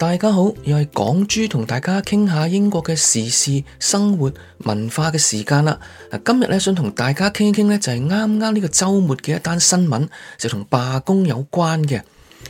大家好，又係港珠同大家傾下英國嘅時事、生活、文化嘅時間啦。今日咧想同大家傾一傾咧，就係啱啱呢個周末嘅一單新聞，就同罷工有關嘅。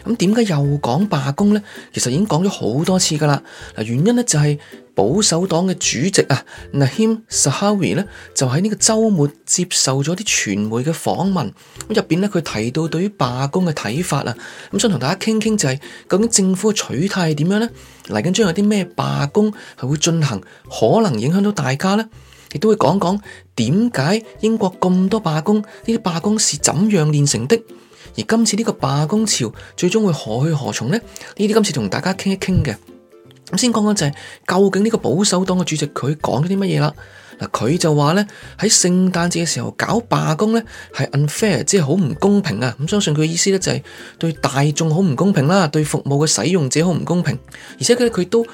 咁點解又講罷工咧？其實已經講咗好多次噶啦。嗱，原因咧就係、是。保守黨嘅主席啊，Nadhim Zahawi 呢就喺呢個周末接受咗啲傳媒嘅訪問，咁入邊呢，佢提到對於罷工嘅睇法啊，咁想同大家傾一傾、就是，就係究竟政府嘅取態係點樣咧？嚟緊將有啲咩罷工係會進行，可能影響到大家呢？亦都會講講點解英國咁多罷工，呢啲罷工是怎樣練成的，而今次呢個罷工潮最終會何去何從呢？呢啲今次同大家傾一傾嘅。咁先講講就係、是、究竟呢個保守黨嘅主席佢講咗啲乜嘢啦？嗱，佢就話咧，喺聖誕節嘅時候搞罷工咧係 unfair，即係好唔公平啊！咁、嗯、相信佢嘅意思咧就係對大眾好唔公平啦、啊，對服務嘅使用者好唔公平。而且咧佢都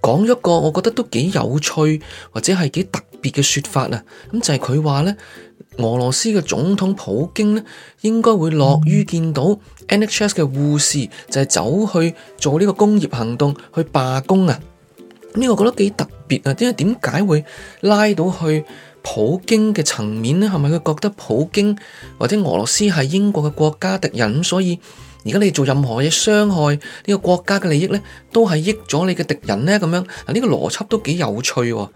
講咗一個我覺得都幾有趣或者係幾特別嘅說法啊！咁就係佢話咧。俄羅斯嘅總統普京呢，應該會樂於見到 NHS 嘅護士就係、是、走去做呢個工業行動去罷工啊！呢、這個我覺得幾特別啊，因為點解會拉到去普京嘅層面呢？係咪佢覺得普京或者俄羅斯係英國嘅國家敵人咁？所以而家你做任何嘢傷害呢個國家嘅利益呢都係益咗你嘅敵人呢。咁樣嗱，呢、這個邏輯都幾有趣、啊。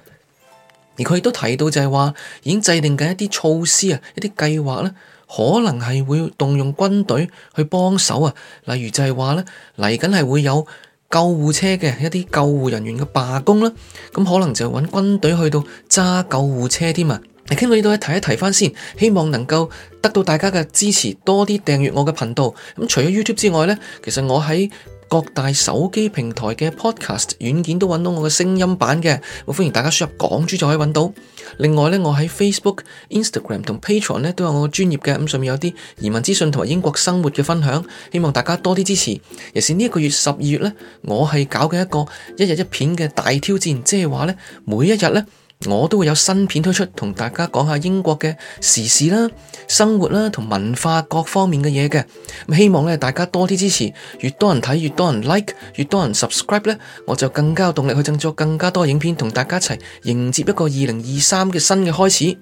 而佢亦都提到就係話，已經制定緊一啲措施啊，一啲計劃咧，可能係會動用軍隊去幫手啊。例如就係話咧嚟緊係會有救護車嘅一啲救護人員嘅罷工啦，咁可能就揾軍隊去到揸救護車添啊。嚟傾到呢度咧，提一提翻先，希望能夠得到大家嘅支持，多啲訂閱我嘅頻道。咁除咗 YouTube 之外咧，其實我喺。各大手機平台嘅 Podcast 軟件都揾到我嘅聲音版嘅，我歡迎大家輸入港珠就可以揾到。另外呢，我喺 Facebook、Instagram 同 Patreon 呢都有我嘅專業嘅，咁上面有啲移民資訊同埋英國生活嘅分享，希望大家多啲支持。尤其是呢一個月十二月呢，我係搞嘅一個一日一片嘅大挑戰，即係話呢每一日呢，我都會有新片推出，同大家講下英國嘅時事啦、生活啦同文化各方面嘅嘢嘅。希望咧大家多啲支持，越多人睇越多人 like，越多人 subscribe 咧，我就更加有動力去製作更加多影片，同大家一齊迎接一個二零二三嘅新嘅開始。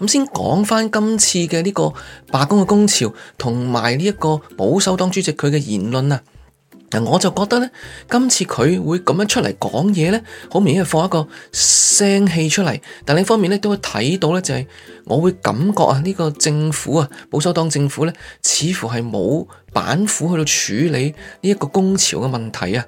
咁，先講翻今次嘅呢個罷工嘅工潮，同埋呢一個保守黨主席佢嘅言論啊。嗱，我就覺得咧，今次佢會咁樣出嚟講嘢咧，好明顯係放一個聲氣出嚟。但另一方面咧，都會睇到咧，就係我會感覺啊，呢個政府啊，保守黨政府咧，似乎係冇板斧去到處理呢一個工潮嘅問題啊。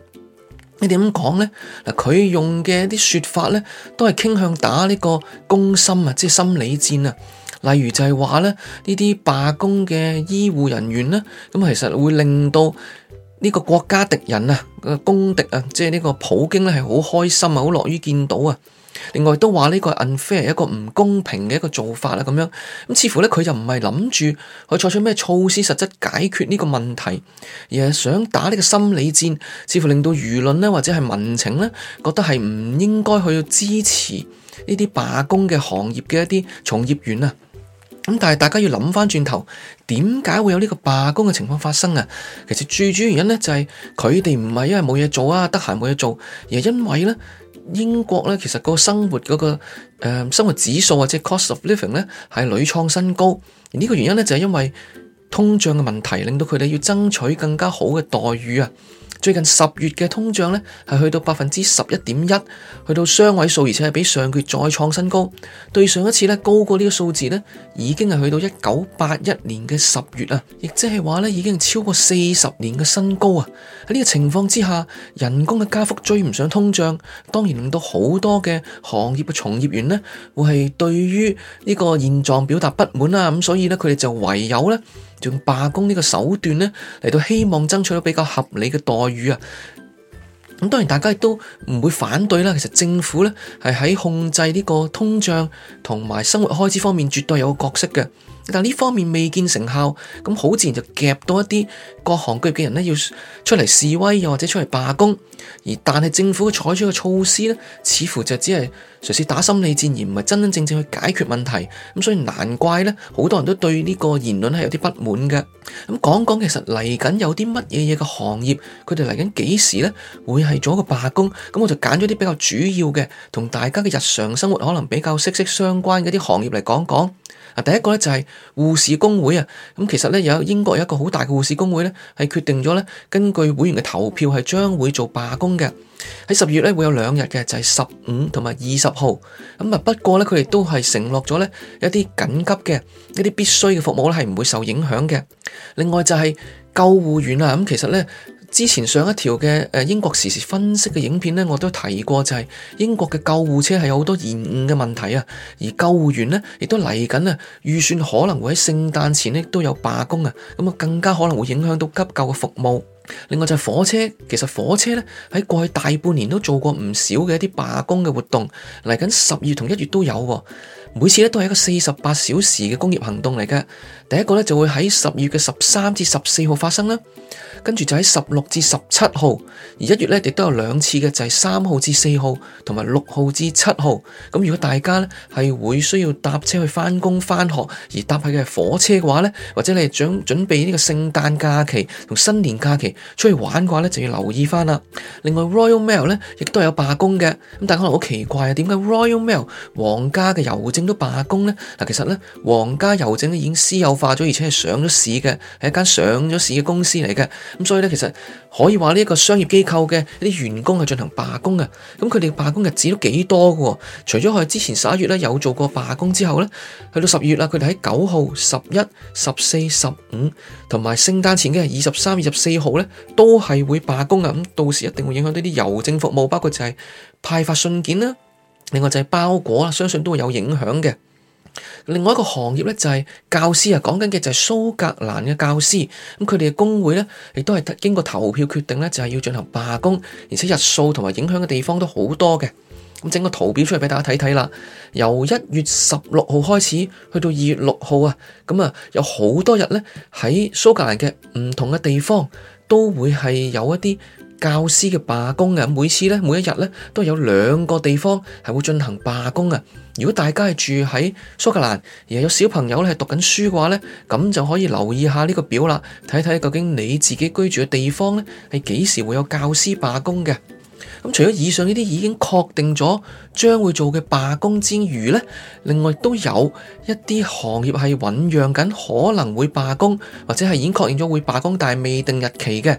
你點講咧？嗱，佢用嘅啲説法咧，都係傾向打呢個攻心啊，即係心理戰啊。例如就係話咧，呢啲罷工嘅醫護人員咧，咁其實會令到呢個國家敵人啊，公敵啊，即係呢個普京咧係好開心啊，好樂於見到啊。另外都話呢個 unfair 一個唔公平嘅一個做法啦咁樣。咁似乎咧，佢就唔係諗住去採取咩措施實質解決呢個問題，而係想打呢個心理戰，似乎令到輿論咧，或者係民情咧，覺得係唔應該去支持呢啲罷工嘅行業嘅一啲從業員啊。咁但係大家要諗翻轉頭，點解會有呢個罷工嘅情況發生啊？其實最主要原因咧就係佢哋唔係因為冇嘢做啊，得閒冇嘢做，而係因為咧英國咧其實個生活嗰、那個誒、呃、生活指數或者 cost of living 咧係屢創新高，而呢個原因咧就係、是、因為通脹嘅問題，令到佢哋要爭取更加好嘅待遇啊。最近十月嘅通脹呢，係去到百分之十一點一，去到雙位數，而且係比上個月再創新高。對上一次咧高過呢個數字呢，已經係去到一九八一年嘅十月啊，亦即係話咧已經超過四十年嘅新高啊！喺呢個情況之下，人工嘅加幅追唔上通脹，當然令到好多嘅行業嘅從業員呢，會係對於呢個現狀表達不滿啊。咁所以呢，佢哋就唯有呢，用罷工呢個手段呢，嚟到，希望爭取到比較合理嘅待遇啊！咁當然大家亦都唔會反對啦。其實政府呢，係喺控制呢個通脹同埋生活開支方面，絕對有個角色嘅。但呢方面未見成效，咁好自然就夾到一啲各行各業嘅人呢，要出嚟示威，又或者出嚟罷工。而但係政府採取嘅措施呢，似乎就只係嘗試打心理戰，而唔係真真正正去解決問題，咁所以難怪呢，好多人都對呢個言論係有啲不滿嘅。咁講講其實嚟緊有啲乜嘢嘢嘅行業，佢哋嚟緊幾時呢？會係做一個罷工？咁我就揀咗啲比較主要嘅，同大家嘅日常生活可能比較息息相關嘅啲行業嚟講講。第一個咧就係護士工會啊，咁其實咧有英國有一個好大嘅護士工會咧，係決定咗咧，根據會員嘅投票係將會做罷工嘅，喺十二月咧會有兩日嘅，就係十五同埋二十號。咁啊不過咧佢哋都係承諾咗咧一啲緊急嘅一啲必須嘅服務咧係唔會受影響嘅。另外就係救護員啊，咁其實咧。之前上一條嘅誒英國時事分析嘅影片呢，我都提過，就是，就係英國嘅救護車係有好多延誤嘅問題啊，而救護員呢，亦都嚟緊啊，預算可能會喺聖誕前咧都有罷工啊，咁啊更加可能會影響到急救嘅服務。另外就係火車，其實火車呢，喺過去大半年都做過唔少嘅一啲罷工嘅活動，嚟緊十二月同一月都有，每次呢都係一個四十八小時嘅工業行動嚟㗎。第一個咧就會喺十二月嘅十三至十四號發生啦，跟住就喺十六至十七號，而一月咧亦都有兩次嘅，就係三號至四號同埋六號至七號。咁如果大家咧係會需要搭車去翻工翻學，而搭係嘅火車嘅話咧，或者你係想準備呢個聖誕假期同新年假期出去玩嘅話咧，就要留意翻啦。另外 Royal Mail 咧亦都有罷工嘅，咁大家可能好奇怪啊，點解 Royal Mail 皇家嘅郵政都罷工咧？嗱，其實咧皇家郵政已經私有。化咗，而且係上咗市嘅，係一間上咗市嘅公司嚟嘅。咁所以呢，其實可以話呢一個商業機構嘅一啲員工係進行罷工嘅。咁佢哋罷工日子都幾多㗎。除咗佢之前十一月呢有做過罷工之後呢，去到十月啦，佢哋喺九號、十一、十四、十五，同埋聖誕前嘅二十三、二十四號呢，都係會罷工啊。咁到時一定會影響到啲郵政服務，包括就係派發信件啦，另外就係包裹啦，相信都會有影響嘅。另外一個行業咧就係教師啊，講緊嘅就係蘇格蘭嘅教師，咁佢哋嘅工會咧，亦都係經過投票決定咧，就係要進行罷工，而且日數同埋影響嘅地方都好多嘅。咁整個圖表出嚟俾大家睇睇啦。由一月十六號開始，去到二月六號啊，咁、嗯、啊有好多日咧喺蘇格蘭嘅唔同嘅地方都會係有一啲教師嘅罷工嘅，每次咧，每一日咧都有兩個地方係會進行罷工嘅。如果大家係住喺蘇格蘭，而有小朋友咧係讀緊書嘅話咧，咁就可以留意下呢個表啦，睇睇究竟你自己居住嘅地方咧係幾時會有教師罷工嘅。咁除咗以上呢啲已經確定咗將會做嘅罷工之餘咧，另外都有一啲行業係醞釀緊可能會罷工，或者係已經確認咗會罷工，但係未定日期嘅。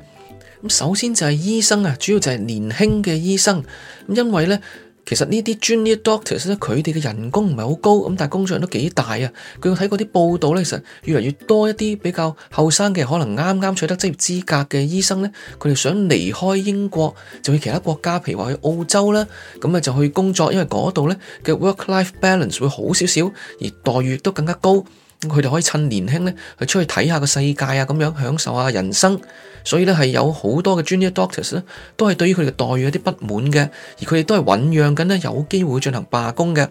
咁首先就係醫生啊，主要就係年輕嘅醫生，咁因為咧。其實呢啲專業 doctor 咧，佢哋嘅人工唔係好高，咁但係工作量都幾大啊。佢我睇過啲報道咧，其實越嚟越多一啲比較後生嘅，可能啱啱取得職業資格嘅醫生咧，佢哋想離開英國，就去其他國家，譬如話去澳洲啦，咁啊就去工作，因為嗰度咧嘅 work life balance 會好少少，而待遇都更加高。佢哋可以趁年輕咧，去出去睇下個世界啊，咁樣享受下人生。所以呢，係有好多嘅 Junior Doctors 咧，都係對於佢哋嘅待遇有啲不滿嘅，而佢哋都係醞釀緊呢，有機會進行罷工嘅。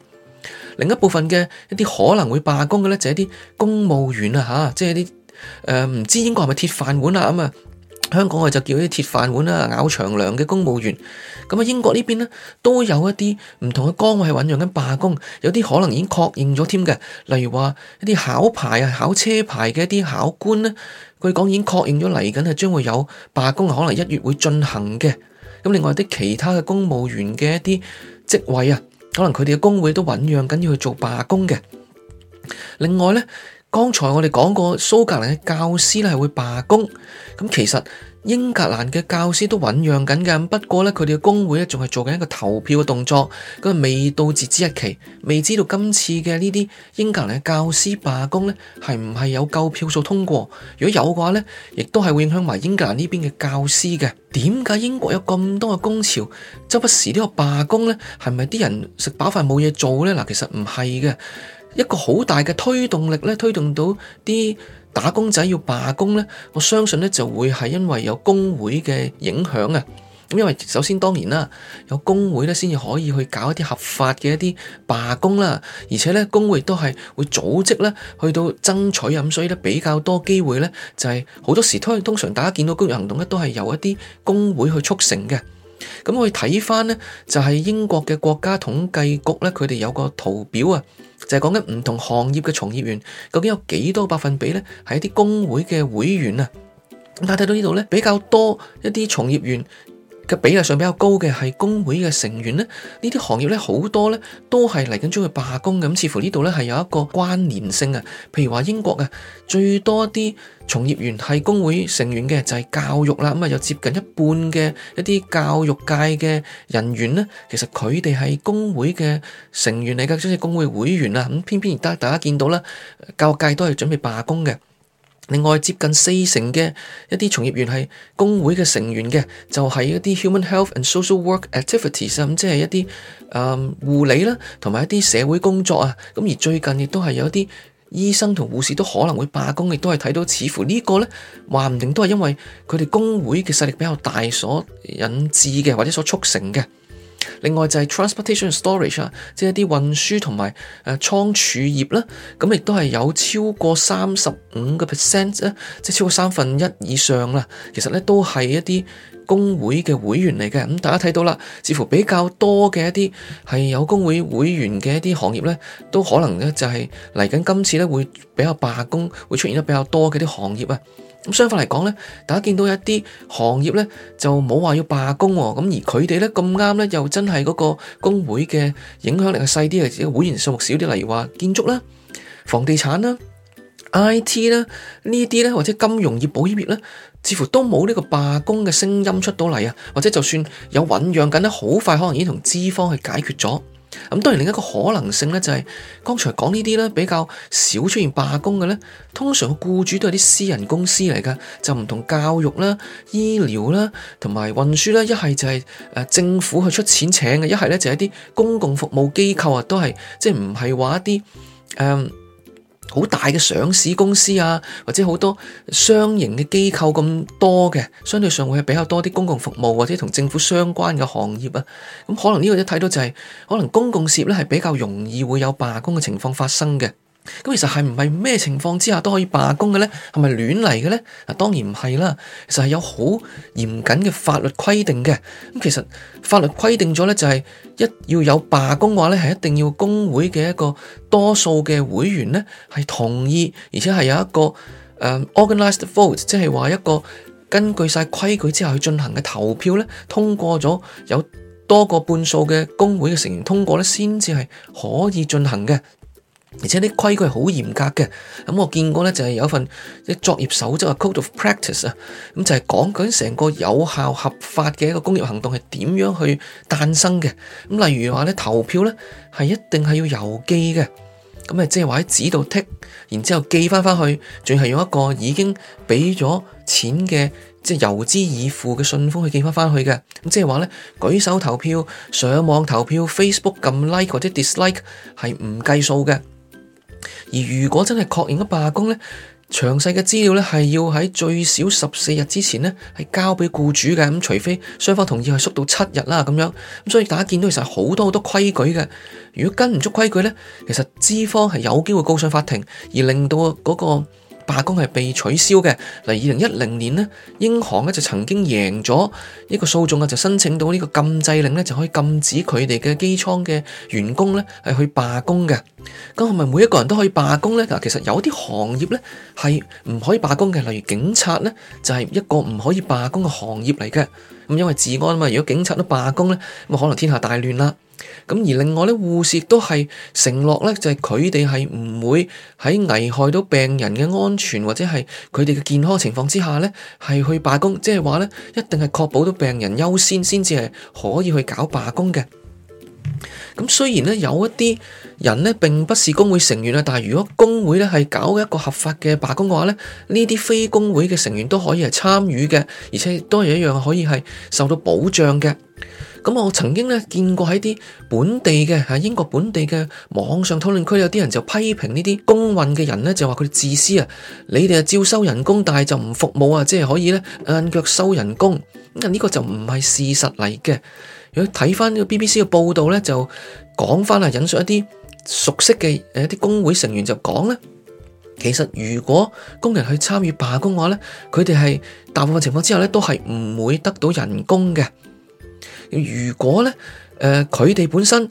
另一部分嘅一啲可能會罷工嘅呢，就係啲公務員啊，嚇、就是，即係啲誒唔知應該係咪鐵飯碗啊咁啊。香港嘅就叫啲鐵飯碗啊、咬長糧嘅公務員，咁啊英國邊呢邊咧都有一啲唔同嘅崗位醞釀緊罷工，有啲可能已經確認咗添嘅，例如話一啲考牌啊、考車牌嘅一啲考官咧，據講已經確認咗嚟緊係將會有罷工，可能一月會進行嘅。咁另外啲其他嘅公務員嘅一啲職位啊，可能佢哋嘅工會都醞釀緊要去做罷工嘅。另外呢。剛才我哋講過蘇格蘭嘅教師咧係會罷工，咁其實英格蘭嘅教師都醞釀緊嘅，不過咧佢哋嘅工會咧仲係做緊一個投票嘅動作，咁未到截止日期，未知道今次嘅呢啲英格蘭嘅教師罷工咧係唔係有夠票數通過？如果有嘅話咧，亦都係會影響埋英格蘭呢邊嘅教師嘅。點解英國有咁多嘅工潮，周不時都有罷工咧？係咪啲人食飽飯冇嘢做咧？嗱，其實唔係嘅。一個好大嘅推動力咧，推動到啲打工仔要罷工咧，我相信咧就會係因為有工會嘅影響啊。咁因為首先當然啦，有工會咧先至可以去搞一啲合法嘅一啲罷工啦，而且咧工會都係會組織咧去到爭取啊，咁所以咧比較多機會咧就係好多時通通常大家見到工業行動咧都係由一啲工會去促成嘅。咁我睇翻咧，就係、是、英國嘅國家統計局咧，佢哋有個圖表啊，就係講緊唔同行業嘅從業員究竟有幾多百分比咧，係一啲工會嘅會員啊。咁但係睇到呢度咧，比較多一啲從業員。比例上比較高嘅係工會嘅成員咧。呢啲行業咧，好多咧，都係嚟緊將會罷工嘅。咁，似乎呢度咧係有一個關聯性啊。譬如話英國嘅最多啲從業員係工會成員嘅就係、是、教育啦，咁啊有接近一半嘅一啲教育界嘅人員咧，其實佢哋係工會嘅成員嚟嘅，即係工會會員啊。咁偏偏而家大家見到啦，教育界都係準備罷工嘅。另外，接近四成嘅一啲從業員係工會嘅成員嘅，就係、是、一啲 human health and social work activities 咁、嗯、即係一啲誒、呃、護理啦，同埋一啲社會工作啊，咁而最近亦都係有一啲醫生同護士都可能會罷工，亦都係睇到似乎個呢個咧話唔定都係因為佢哋工會嘅勢力比較大所引致嘅，或者所促成嘅。另外就係 transportation storage 啦，即係一啲運輸同埋誒倉儲業啦，咁亦都係有超過三十五個 percent 咧，即係超過三分一以上啦。其實咧都係一啲工會嘅會員嚟嘅，咁大家睇到啦，似乎比較多嘅一啲係有工會會員嘅一啲行業呢，都可能呢就係嚟緊今次呢會比較罷工，會出現得比較多嘅啲行業啊。咁相反嚟講呢，大家見到一啲行業呢，就冇話要罷工，咁而佢哋呢，咁啱呢又真係嗰個工會嘅影響力細啲，係會員數目少啲，例如話建築啦、房地產啦、IT 啦呢啲呢，或者金融業保險業呢。似乎都冇呢個罷工嘅聲音出到嚟啊，或者就算有醖釀緊咧，好快可能已經同資方去解決咗。咁當然另一個可能性呢，就係，就係剛才講呢啲呢比較少出現罷工嘅呢。通常個僱主都係啲私人公司嚟嘅，就唔同教育啦、醫療啦同埋運輸啦。一係就係政府去出錢請嘅，一係一係呢就係一啲公共服務機構啊，都係即係唔係話一啲好大嘅上市公司啊，或者好多商營嘅機構咁多嘅，相對上會係比較多啲公共服務或者同政府相關嘅行業啊，咁、嗯、可能呢個一睇到就係、是、可能公共事業咧係比較容易會有罷工嘅情況發生嘅。咁其實係唔係咩情況之下都可以罷工嘅咧？係咪亂嚟嘅咧？嗱，當然唔係啦。其實係有好嚴謹嘅法律規定嘅。咁其實法律規定咗咧、就是，就係一要有罷工嘅話咧，係一定要工會嘅一個多數嘅會員咧係同意，而且係有一個誒、um, organized vote，即係話一個根據晒規矩之後去進行嘅投票咧通過咗，有多過半數嘅工會嘅成員通過咧，先至係可以進行嘅。而且啲規矩係好嚴格嘅，咁我見過咧就係有一份即係作業守則啊，Code of Practice 啊，咁就係講緊成個有效合法嘅一個工業行動係點樣去誕生嘅，咁例如話咧投票咧係一定係要郵寄嘅，咁啊即係話喺紙度剔，然之後寄翻翻去，仲係用一個已經畀咗錢嘅即係郵資已付嘅信封去寄翻翻去嘅，咁即係話咧舉手投票、上網投票、Facebook 撳 like 或者 dislike 係唔計數嘅。而如果真係確認咗罷工呢，詳細嘅資料呢係要喺最少十四日之前呢係交俾僱主嘅，咁除非雙方同意係縮到七日啦咁樣，咁所以大家見到其實好多好多規矩嘅，如果跟唔足規矩呢，其實資方係有機會告上法庭，而令到嗰個罷工係被取消嘅。嗱，二零一零年咧，英航咧就曾經贏咗呢個訴訟啊，就申請到呢個禁制令咧，就可以禁止佢哋嘅機艙嘅員工咧係去罷工嘅。咁係咪每一個人都可以罷工呢？嗱，其實有啲行業咧係唔可以罷工嘅，例如警察呢，就係一個唔可以罷工嘅行業嚟嘅。咁因為治安啊嘛，如果警察都罷工呢，咁可能天下大亂啦。咁而另外呢，護士亦都係承諾呢就係佢哋係唔會喺危害到病人嘅安全或者係佢哋嘅健康情況之下呢係去罷工，即係話呢一定係確保到病人優先先至係可以去搞罷工嘅。咁雖然呢有一啲人呢並不是工會成員啊，但係如果工會呢係搞一個合法嘅罷工嘅話呢，呢啲非工會嘅成員都可以係參與嘅，而且都係一樣可以係受到保障嘅。咁我曾經咧見過喺啲本地嘅嚇英國本地嘅網上討論區，有啲人就批評呢啲工運嘅人咧，就話佢自私啊！你哋啊照收人工，但係就唔服務啊，即係可以咧硬腳收人工。咁呢個就唔係事實嚟嘅。如果睇翻呢個 BBC 嘅報道咧，就講翻啊，引述一啲熟悉嘅誒一啲工會成員就講咧，其實如果工人去參與罷工嘅話咧，佢哋係大部分情況之下咧都係唔會得到人工嘅。如果咧，誒、呃，佢哋本身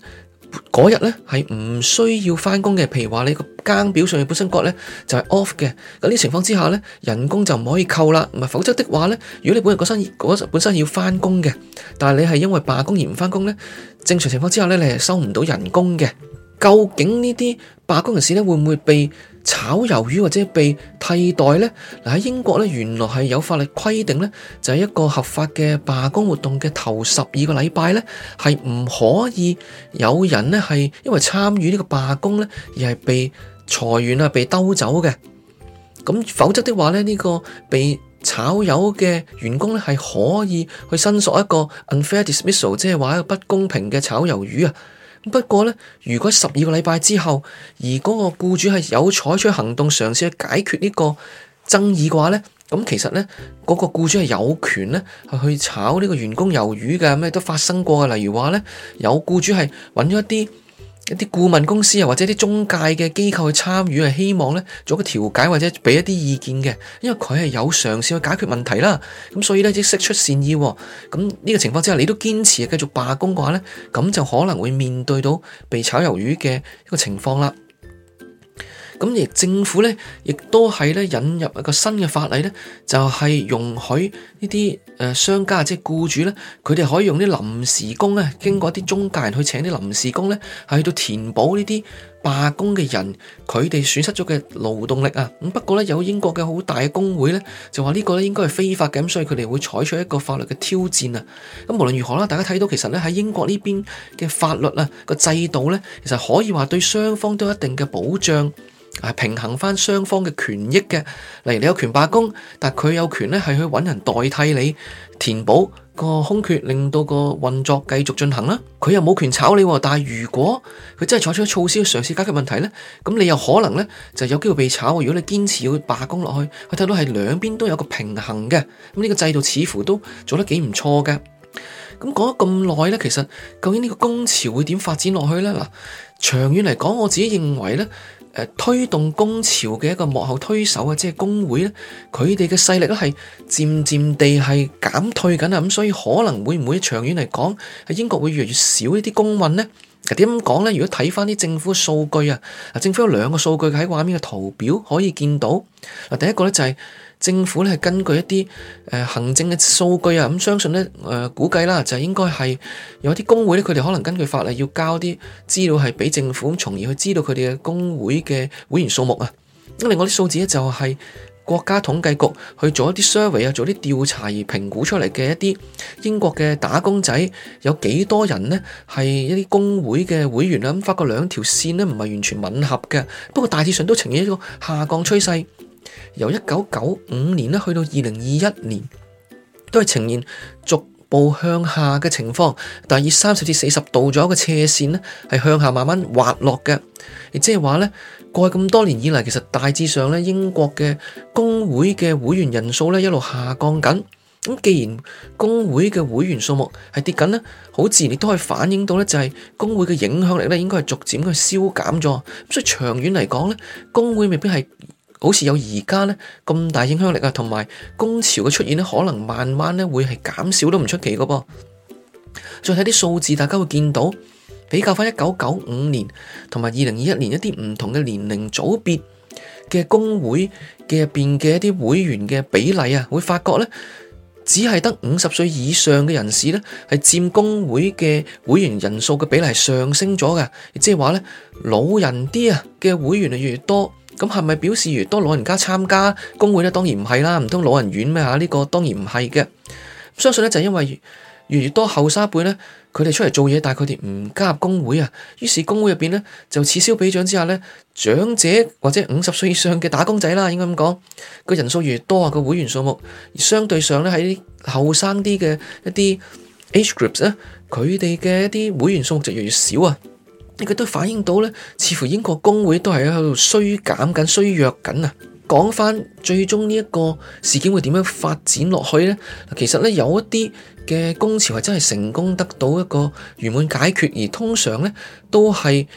嗰日咧係唔需要翻工嘅。譬如話你個更表上邊本身格咧就係、是、off 嘅，咁呢情況之下咧，人工就唔可以扣啦。唔係否則的話咧，如果你本身嗰日本身要翻工嘅，但係你係因為罷工而唔翻工咧，正常情況之下咧，你係收唔到人工嘅。究竟呢啲罷工人士咧會唔會被？炒魷魚或者被替代呢？嗱喺英國呢，原來係有法律規定呢，就係一個合法嘅罷工活動嘅頭十二個禮拜呢，係唔可以有人呢，係因為參與呢個罷工呢，而係被裁員啊、被兜走嘅。咁否則的話呢，呢個被炒魷嘅員工呢，係可以去申索一個 unfair dismissal，即係話一個不公平嘅炒魷魚啊。不過咧，如果十二個禮拜之後，而嗰個僱主係有採取行動，嘗試去解決呢個爭議嘅話咧，咁其實咧，嗰、嗰個僱主係有權咧係去炒呢個員工魷魚嘅，咩都發生過嘅，例如話咧，有僱主係揾咗一啲。一啲顧問公司啊，或者啲中介嘅機構去參與，係希望咧做一個調解或者俾一啲意見嘅，因為佢係有嘗試去解決問題啦。咁所以咧即釋出善意。咁、嗯、呢、這個情況之下，你都堅持繼續罷工嘅話咧，咁就可能會面對到被炒魷魚嘅一個情況啦。咁、嗯、亦政府咧，亦都係咧引入一個新嘅法例咧，就係、是、容許呢啲。誒商家即係僱主咧，佢哋可以用啲臨時工咧，經過一啲中介人去請啲臨時工咧，係去到填補呢啲罷工嘅人佢哋損失咗嘅勞動力啊。咁不過咧，有英國嘅好大嘅工會咧，就話呢個咧應該係非法嘅，咁所以佢哋會採取一個法律嘅挑戰啊。咁無論如何啦，大家睇到其實咧喺英國呢邊嘅法律啊，個制度咧，其實可以話對雙方都有一定嘅保障。係平衡翻雙方嘅權益嘅，例如你有權罷工，但佢有權咧係去揾人代替你填補個空缺，令到個運作繼續進行啦。佢又冇權炒你，但係如果佢真係採取措施去嘗試解決問題咧，咁你又可能咧就有機會被炒。如果你堅持要去罷工落去，佢睇到係兩邊都有個平衡嘅，咁呢個制度似乎都做得幾唔錯嘅。咁講咗咁耐咧，其實究竟呢個工潮會點發展落去咧？嗱，長遠嚟講，我自己認為咧。推動工潮嘅一個幕後推手啊，即係工會咧，佢哋嘅勢力咧係漸漸地係減退緊啊，咁所以可能會唔會長遠嚟講，喺英國會越嚟越少呢啲工運呢？點講呢？如果睇翻啲政府數據啊，啊，政府有兩個數據喺畫面嘅圖表可以見到，啊，第一個咧就係、是。政府咧係根據一啲誒、呃、行政嘅數據啊，咁、嗯、相信咧誒、呃、估計啦，就係應該係有啲工會咧，佢哋可能根據法例要交啲資料係俾政府，從而去知道佢哋嘅工會嘅會員數目啊。咁另外啲數字咧就係國家統計局去做一啲 survey 啊，做啲調查而評估出嚟嘅一啲英國嘅打工仔有幾多人呢？係一啲工會嘅會員啊。咁、嗯、發覺兩條線呢，唔係完全吻合嘅，不過大致上都呈現一個下降趨勢。由一九九五年咧去到二零二一年，都係呈現逐步向下嘅情況。大約三十至四十度左右嘅斜線咧，係向下慢慢滑落嘅。亦即係話咧，過去咁多年以嚟，其實大致上咧，英國嘅工會嘅會員人數咧一路下降緊。咁既然工會嘅會員數目係跌緊咧，好自然亦都可以反映到咧，就係工會嘅影響力咧，應該係逐漸去消減咗。所以長遠嚟講咧，工會未必係。好似有而家呢咁大影響力啊，同埋工潮嘅出現呢，可能慢慢呢會係減少都唔出奇嘅噃。再睇啲數字，大家會見到比較翻一九九五年同埋二零二一年一啲唔同嘅年齡組別嘅工會嘅入邊嘅一啲會員嘅比例啊，會發覺呢，只係得五十歲以上嘅人士呢係佔工會嘅會員人數嘅比例上升咗嘅，即係話呢，老人啲啊嘅會員越嚟越多。咁係咪表示越多老人家參加工會咧？當然唔係啦，唔通老人院咩吓？呢個當然唔係嘅。相信咧就係因為越越多後生一輩咧，佢哋出嚟做嘢，但係佢哋唔加入工會啊。於是工會入邊咧就此消彼長之下咧，長者或者五十歲以上嘅打工仔啦，應該咁講，個人數越越多啊，個會員數目，而相對上咧喺後生啲嘅一啲 age groups 咧，佢哋嘅一啲會員數目就越越少啊。你覺得反映到呢，似乎英國工會都係喺度衰減緊、衰弱緊啊。講翻最終呢一個事件會點樣發展落去呢？其實呢，有一啲嘅工潮係真係成功得到一個圓滿解決，而通常呢都係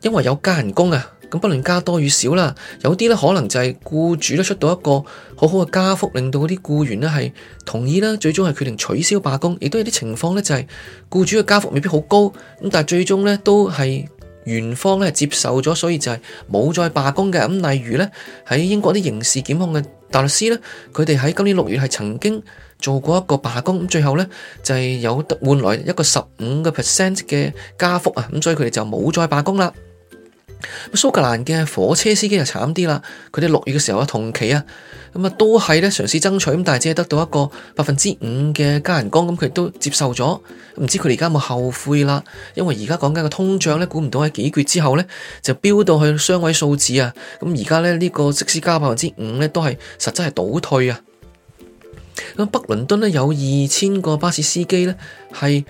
因為有加人工啊。咁不論加多與少啦，有啲咧可能就係僱主咧出到一個好好嘅加幅，令到嗰啲雇員咧係同意啦，最終係決定取消罷工。亦都有啲情況咧就係僱主嘅加幅未必好高，咁但係最終咧都係員方咧接受咗，所以就係冇再罷工嘅。咁例如咧喺英國啲刑事檢控嘅大律師咧，佢哋喺今年六月係曾經做過一個罷工，咁最後咧就係有得換來一個十五個 percent 嘅加幅啊，咁所以佢哋就冇再罷工啦。蘇格蘭嘅火車司機就慘啲啦，佢哋六月嘅時候啊，同期啊，咁啊都係咧嘗試爭取，咁但係只係得到一個百分之五嘅加人工，咁佢都接受咗，唔知佢哋而家有冇後悔啦？因為而家講緊嘅通脹咧，估唔到喺幾月之後咧就飆到去雙位數字啊！咁而家咧呢個即使加百分之五咧，都係實質係倒退啊！咁北倫敦咧有二千個巴士司機咧係。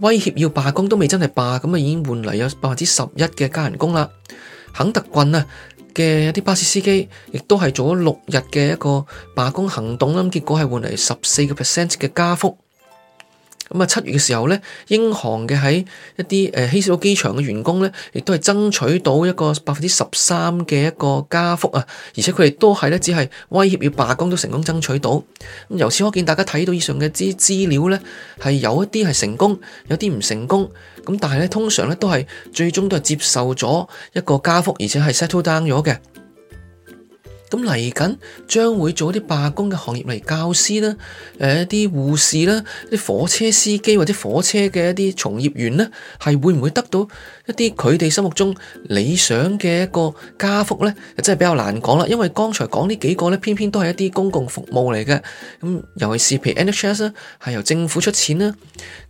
威脅要罷工都未真係罷，咁啊已經換嚟有百分之十一嘅加人工啦。肯特郡啊嘅一啲巴士司機，亦都係做咗六日嘅一個罷工行動啦，咁結果係換嚟十四個 percent 嘅加幅。咁啊，七月嘅時候咧，英航嘅喺一啲誒希斯路機場嘅員工咧，亦都係爭取到一個百分之十三嘅一個加幅啊！而且佢哋都係咧，只係威脅要罷工都成功爭取到。咁由此可見，大家睇到以上嘅資資料咧，係有一啲係成功，有啲唔成功。咁但係咧，通常咧都係最終都係接受咗一個加幅，而且係 settle down 咗嘅。咁嚟緊將會做一啲罷工嘅行業嚟，例如教師啦、誒一啲護士啦，啲火車司機或者火車嘅一啲從業員咧，係會唔會得到一啲佢哋心目中理想嘅一個加幅咧？又真係比較難講啦，因為剛才講呢幾個咧，偏偏都係一啲公共服務嚟嘅，咁尤其是譬如 NHS 咧，係由政府出錢啦，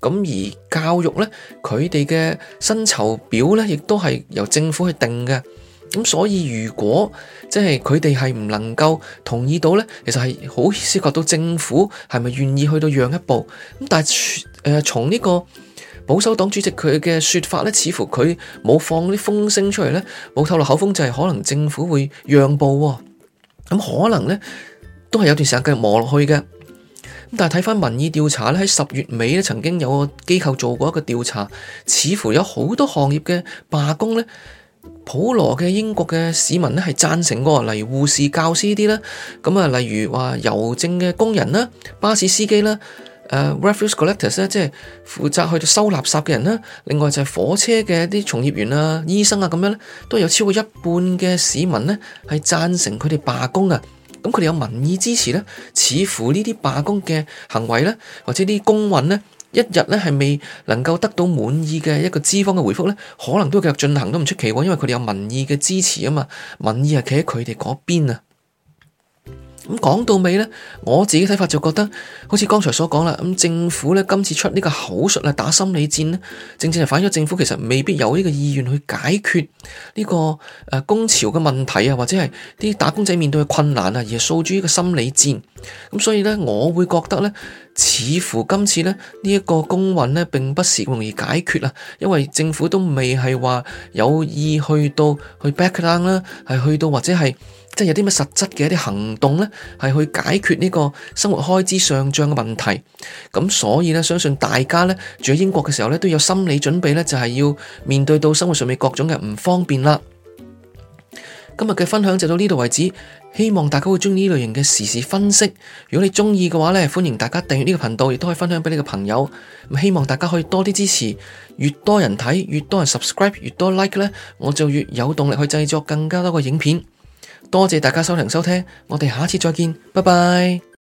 咁而教育咧，佢哋嘅薪酬表咧，亦都係由政府去定嘅。咁所以如果即係佢哋係唔能夠同意到咧，其實係好涉及到政府係咪願意去到讓一步？咁但係誒，從呢個保守黨主席佢嘅說法咧，似乎佢冇放啲風聲出嚟咧，冇透露口風，就係可能政府會讓步。咁可能咧都係有段時間繼續磨落去嘅。咁但係睇翻民意調查咧，喺十月尾咧，曾經有個機構做過一個調查，似乎有好多行業嘅罷工咧，普羅嘅英國嘅市民咧係贊成㗎，例如護士、教師啲啦，咁啊，例如話郵政嘅工人啦、巴士司機啦、誒、呃、refuse collectors 咧，即係負責去到收垃圾嘅人啦，另外就係火車嘅啲從業員啊、醫生啊咁樣咧，都有超過一半嘅市民咧係贊成佢哋罷工啊，咁佢哋有民意支持咧，似乎呢啲罷工嘅行為咧或者啲工運咧。一日咧係未能夠得到滿意嘅一個資方嘅回覆咧，可能都會繼續進行都唔出奇喎，因為佢哋有民意嘅支持啊嘛，民意係企喺佢哋嗰邊啊。咁講到尾呢，我自己睇法就覺得，好似剛才所講啦，咁政府咧今次出呢個口術啦，打心理戰咧，正正係反映咗政府其實未必有呢個意願去解決呢個誒工潮嘅問題啊，或者係啲打工仔面對嘅困難啊，而係訴諸呢個心理戰。咁所以呢，我會覺得呢，似乎今次呢，這個、呢一個工運呢並不是容易解決啦，因為政府都未係話有意去到去 back down 啦，係去到或者係。即係有啲乜實質嘅一啲行動呢，係去解決呢個生活開支上漲嘅問題。咁所以呢，相信大家呢，住喺英國嘅時候呢，都有心理準備呢，就係要面對到生活上面各種嘅唔方便啦。今日嘅分享就到呢度為止。希望大家會中意呢類型嘅時事分析。如果你中意嘅話呢，歡迎大家訂閱呢個頻道，亦都可以分享俾你嘅朋友。希望大家可以多啲支持，越多人睇，越多人 subscribe，越多 like 呢，我就越有動力去製作更加多個影片。多謝大家收聽收聽，我哋下次再見，拜拜。